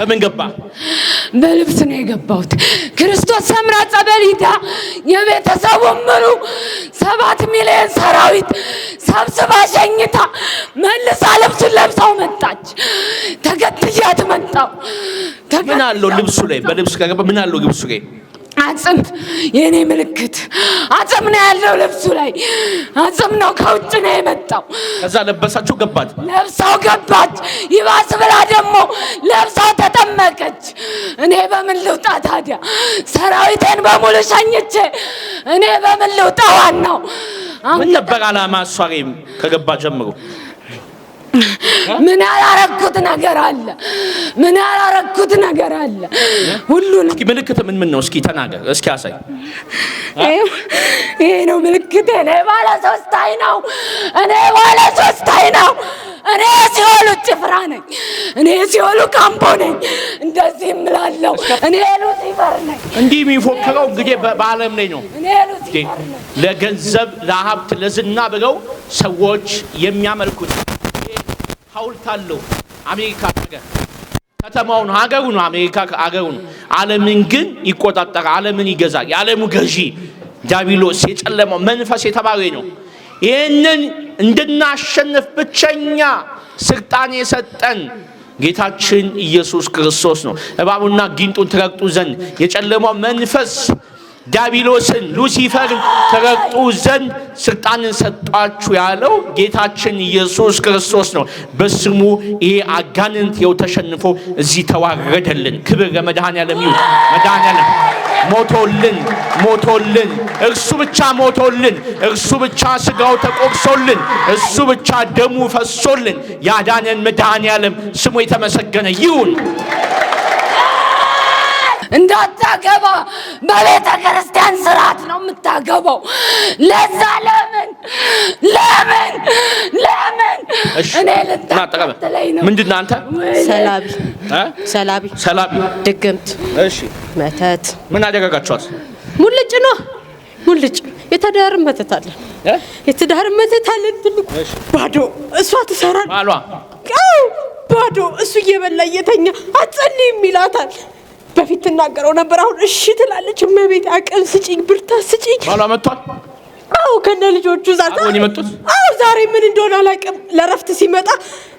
በምን ገባ? በልብስ ነው የገባሁት። ክርስቶስ ሰምራ ጸበል ሂዳ የቤተሰቡ ምኑ ሰባት ሚሊዮን ሰራዊት ሰብስባ ሸኝታ መልሳ ልብሱን ለብሳው መጣች። ተከትያት መጣው። ምን አለው ልብሱ ላይ? በልብሱ ከገባ ምን አለው ልብሱ ላይ? አጽም የእኔ ምልክት አጽም ነው ያለው ልብሱ ላይ አጽም ነው። ከውጭ ነው የመጣው። ከዛ ለበሳችሁ ገባት ለብሳው ገባች። ይባስ ብላ ደግሞ ለብሳው ተጠመቀች። እኔ በምን ልውጣ ታዲያ? ሰራዊቴን በሙሉ ሸኝቼ እኔ በምን ልውጣ? ዋናው ምን ነበር አላማ? እሷ ከገባ ጀምሮ ምን ያላረኩት ነገር አለ? ምን ያላረኩት ነገር አለ? ሁሉን ምልክት ምን ምን ነው? እስኪ ተናገር፣ እስኪ አሳይ። ይሄ ነው ምልክት። እኔ ባለ ሶስት አይ ነው። እኔ ባለ ሶስት አይ ነው። እኔ ሲኦሉ ጭፍራ ነኝ። እኔ ሲኦሉ ካምቦ ነኝ። እንደዚህ እምላለሁ። እኔ ሉሲፈር ነኝ። እንዲህ የሚፎክረው እንግዲህ በዓለም ላይ ነው። ለገንዘብ ለሀብት፣ ለዝና ብለው ሰዎች የሚያመልኩት አውልታለሁ። አሜሪካ ሀገር ከተማውን ነው አሜሪካ ነው። ዓለምን ግን ይቆጣጠራል። ዓለምን ይገዛል። የዓለሙ ገዢ ዲያብሎስ የጨለመው መንፈስ የተባለ ነው። ይህንን እንድናሸንፍ ብቸኛ ስልጣን የሰጠን ጌታችን ኢየሱስ ክርስቶስ ነው። እባቡና ጊንጡን ትረግጡ ዘንድ የጨለመው መንፈስ ዲያብሎስን ሉሲፈርን ትረግጡ ዘንድ ስልጣንን ሰጧችሁ ያለው ጌታችን ኢየሱስ ክርስቶስ ነው። በስሙ ይሄ አጋንንት የው ተሸንፎ እዚህ ተዋረደልን። ክብር ለመድኃኔዓለም ይሁን። መድኃኔዓለም ሞቶልን ሞቶልን እርሱ ብቻ ሞቶልን እርሱ ብቻ ስጋው ተቆርሶልን እሱ ብቻ ደሙ ፈሶልን ያዳነን መድኃኔዓለም ስሙ የተመሰገነ ይሁን። እንዳታገባ በቤተ ክርስቲያን ስርዓት ነው የምታገባው። ለዛ ለምን ለምን ለምን እኔ ልታጠቀምላይ ነው ምንድን አንተ ሰላቢ ሰላቢ ሰላቢ ድግምት፣ እሺ መተት ምን አደረጋችኋት? ሙልጭ ነው ሙልጭ የትዳር መተት አለ የትዳር መተት አለን። ትልቁ ባዶ እሷ ትሰራል ባዶ እሱ እየበላ እየተኛ አትጸልይም ይላታል። በፊት ትናገረው ነበር። አሁን እሺ ትላለች። እመቤት አቅም ስጪኝ፣ ብርታት ስጪኝ። ባሏ መጥቷል። አዎ ከነ ልጆቹ ዛሬ ዛሬ ምን እንደሆነ አላውቅም። ለረፍት ሲመጣ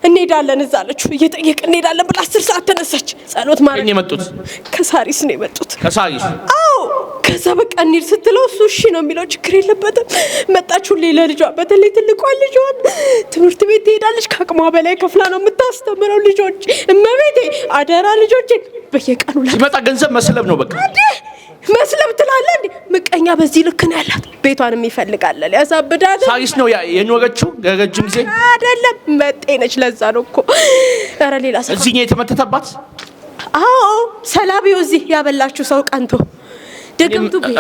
እንሄዳለን እዛ አለችው። እየጠየቅን እንሄዳለን ብላ አስር ሰዓት ተነሳች። ጸሎት ማለት ከሳሪስ ነው የመጡት ከሳሪስ ከዛ በቃ እንሂድ ስትለው እሱ እሺ ነው የሚለው፣ ችግር የለበትም። መጣችሁ። ሁሌ ለልጇ በተለይ ትልቋን ልጇን ትምህርት ቤት ትሄዳለች። ከአቅሟ በላይ ከፍላ ነው የምታስተምረው። ልጆች እመቤቴ አደራ ልጆች፣ በየቀኑ ሲመጣ ገንዘብ መስለብ ነው በቃ መስለብ ትላለ። እንዴ? ምቀኛ በዚህ ልክ ነው ያላት። ቤቷንም ይፈልጋል፣ ያሳብዳል። ሳይስ ነው የኖረችው ረጅም ጊዜ አደለም፣ መጤ ነች። ለዛ ነው እኮ ኧረ ሌላ ሰው እዚህ የተመተተባት። አዎ ሰላቢው እዚህ ያበላችሁ ሰው ቀንቶ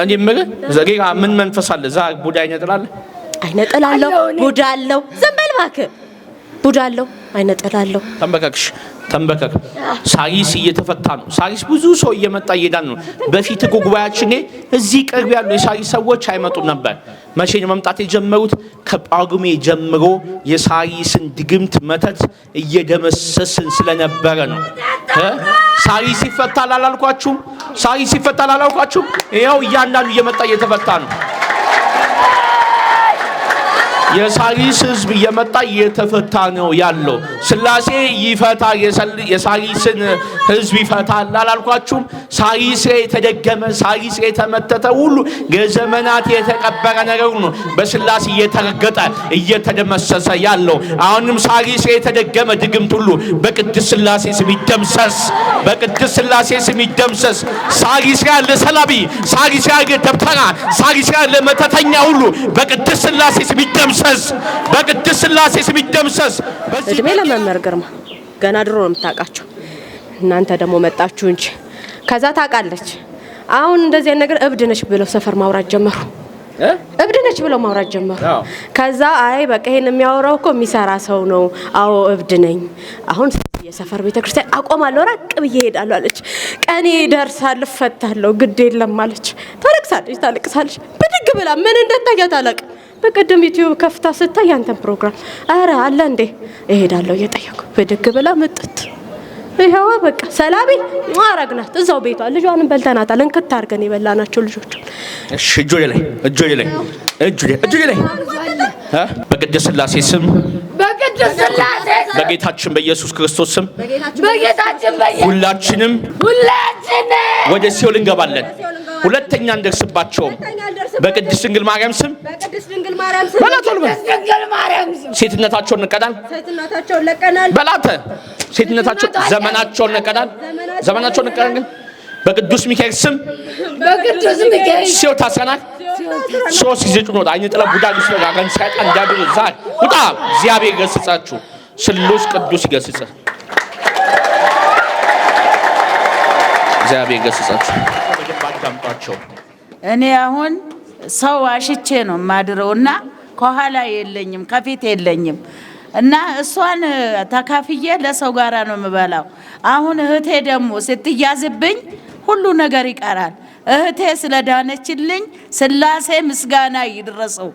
እኔ የምልህ ዘጌጋ ምን መንፈስ አለ? እዛ ቡዳ አይነጥላለህ? አይነጥላለሁ። ቡዳ አለው። ዝም በል እባክህ። ቡዳ አለው። አይነጥላለሁ። ተንበካክሽ ተንበከክ ሳሪስ እየተፈታ ነው። ሳሪስ ብዙ ሰው እየመጣ እየዳን ነው። በፊት እኮ ጉባኤያችን እዚህ ቅርብ ያሉ የሳጊስ ሰዎች አይመጡም ነበር። መቼ ነው መምጣት የጀመሩት? ከጳጉሜ ጀምሮ የሳሪስን ድግምት መተት እየደመሰስን ስለነበረ ነው። ሳጊስ ይፈታል አላልኳችሁም? ሳጊስ ይፈታል አላልኳችሁም? ይኸው እያንዳንዱ እየመጣ እየተፈታ ነው። የሳሪስ ህዝብ እየመጣ እየተፈታ ነው ያለው። ስላሴ ይፈታ የሳሪስን ህዝብ ይፈታል አላልኳችሁም? ሳይሴ የተደገመ ሳይሴ የተመተተ ሁሉ የዘመናት የተቀበረ ነገር ነው። በስላሴ እየተረገጠ እየተደመሰሰ ያለው አሁንም ሳይሴ የተደገመ ድግምት ሁሉ በቅድስት ስላሴ ስም ይደምሰስ፣ በቅድስት ስላሴ ስም ይደምሰስ። ሳይሴ ያለ ሰላቢ፣ ሳይሴ ያለ ደብተራ፣ ሳይሴ ያለ መተተኛ ሁሉ በቅድስት ስላሴ ስም ይደምሰስ፣ በቅድስት ስላሴ ስም ይደምሰስ። እድሜ ለመምህር ግርማ ገና ድሮ ነው የምታውቃቸው እናንተ ደግሞ መጣችሁ እንጂ ከዛ ታውቃለች። አሁን እንደዚህ ነገር እብድ ነች ብለው ሰፈር ማውራት ጀመሩ። እብድ ነች ብለው ማውራት ጀመሩ። ከዛ አይ በቃ ይሄን የሚያወራው እኮ የሚሰራ ሰው ነው። አዎ እብድ ነኝ። አሁን የሰፈር ቤተክርስቲያን አቆማለሁ፣ ራቅ ብዬ ሄዳለሁ አለች። ቀኔ ይደርሳል፣ እፈታለሁ፣ ግድ የለም አለች። ታለቅሳለች ታለቅሳለች። ብድግ ብላ ምን እንደታያት አላውቅም። በቀደም ዩቲዩብ ከፍታ ስታይ ያንተን ፕሮግራም፣ አረ አለ እንዴ እሄዳለሁ እየጠየቁ ብድግ ብላ ምጥት ይሄዋ በቃ ሰላቢ ማረግናት እዛው ቤቷ ልጇንም በልተናታል። እንክት አድርገን የበላናቸው ልጆች። እሺ እጆዬ ላይ እጆዬ ላይ እጆዬ ላይ በቅድስት ስላሴ ስም በጌታችን በኢየሱስ ክርስቶስ ስም ሁላችንም ሁላችንም ወደ ሲኦል እንገባለን፣ ሁለተኛ እንደርስባቸውም በቅድስት ድንግል ማርያም ስም በላቶል ሴትነታቸውን እንቀዳል። በላተ ሴትነታቸው ዘመናቸውን እንቀዳል። ዘመናቸውን እንቀዳል። ግን በቅዱስ ሚካኤል ስም በቅዱስ ሚካኤል ሲዮ ታስረናል። ሲዮ ሲዘጩ ነው አይነ ጥላ ቡዳ ልስ ነው አገን ሳይጣ እንዳድሩ ዛል ውጣ። እግዚአብሔር ይገስጻችሁ። ስሉስ ቅዱስ ይገስጽ። እግዚአብሔር ይገስጻችሁ። እኔ አሁን ሰው አሽቼ ነው የማድረው እና ከኋላ የለኝም ከፊት የለኝም እና እሷን ተካፍዬ ለሰው ጋራ ነው የምበላው። አሁን እህቴ ደግሞ ስትያዝብኝ ሁሉ ነገር ይቀራል። እህቴ ስለዳነችልኝ ስላሴ ምስጋና ይድረሰው።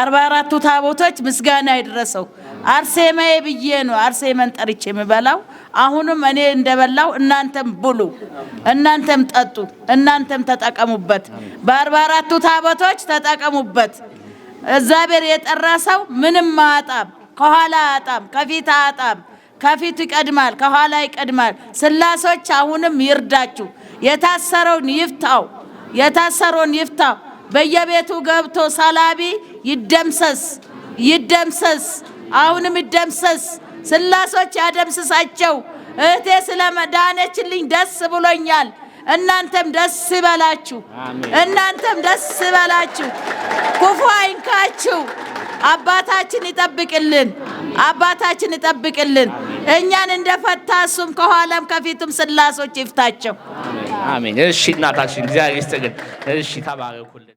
አርባ አራቱ ታቦቶች ምስጋና ይድረሰው። አርሴማዬ ብዬ ነው አርሴመን ጠርቼ የምበላው። አሁንም እኔ እንደበላው እናንተም ብሉ፣ እናንተም ጠጡ፣ እናንተም ተጠቀሙበት። በአርባ አራቱ ታቦቶች ተጠቀሙበት። እግዚአብሔር የጠራ ሰው ምንም አያጣም፣ ከኋላ አያጣም፣ ከፊት አያጣም። ከፊቱ ይቀድማል፣ ከኋላ ይቀድማል። ስላሶች አሁንም ይርዳችሁ። የታሰረውን ይፍታው፣ የታሰረውን ይፍታው። በየቤቱ ገብቶ ሰላቢ ይደምሰስ፣ ይደምሰስ፣ አሁንም ይደምሰስ። ስላሶች ያደምስሳቸው። እህቴ ስለመዳነችልኝ ደስ ብሎኛል። እናንተም ደስ ይበላችሁ፣ እናንተም ደስ ይበላችሁ። ክፉ አይንካችሁ። አባታችን ይጠብቅልን፣ አባታችን ይጠብቅልን። እኛን እንደፈታ እሱም ከኋላም ከፊቱም ስላሶች ይፍታቸው። አሜን። እሺ እናታችን እግዚአብሔር ይስጥልን። እሺ ተባረኩልን።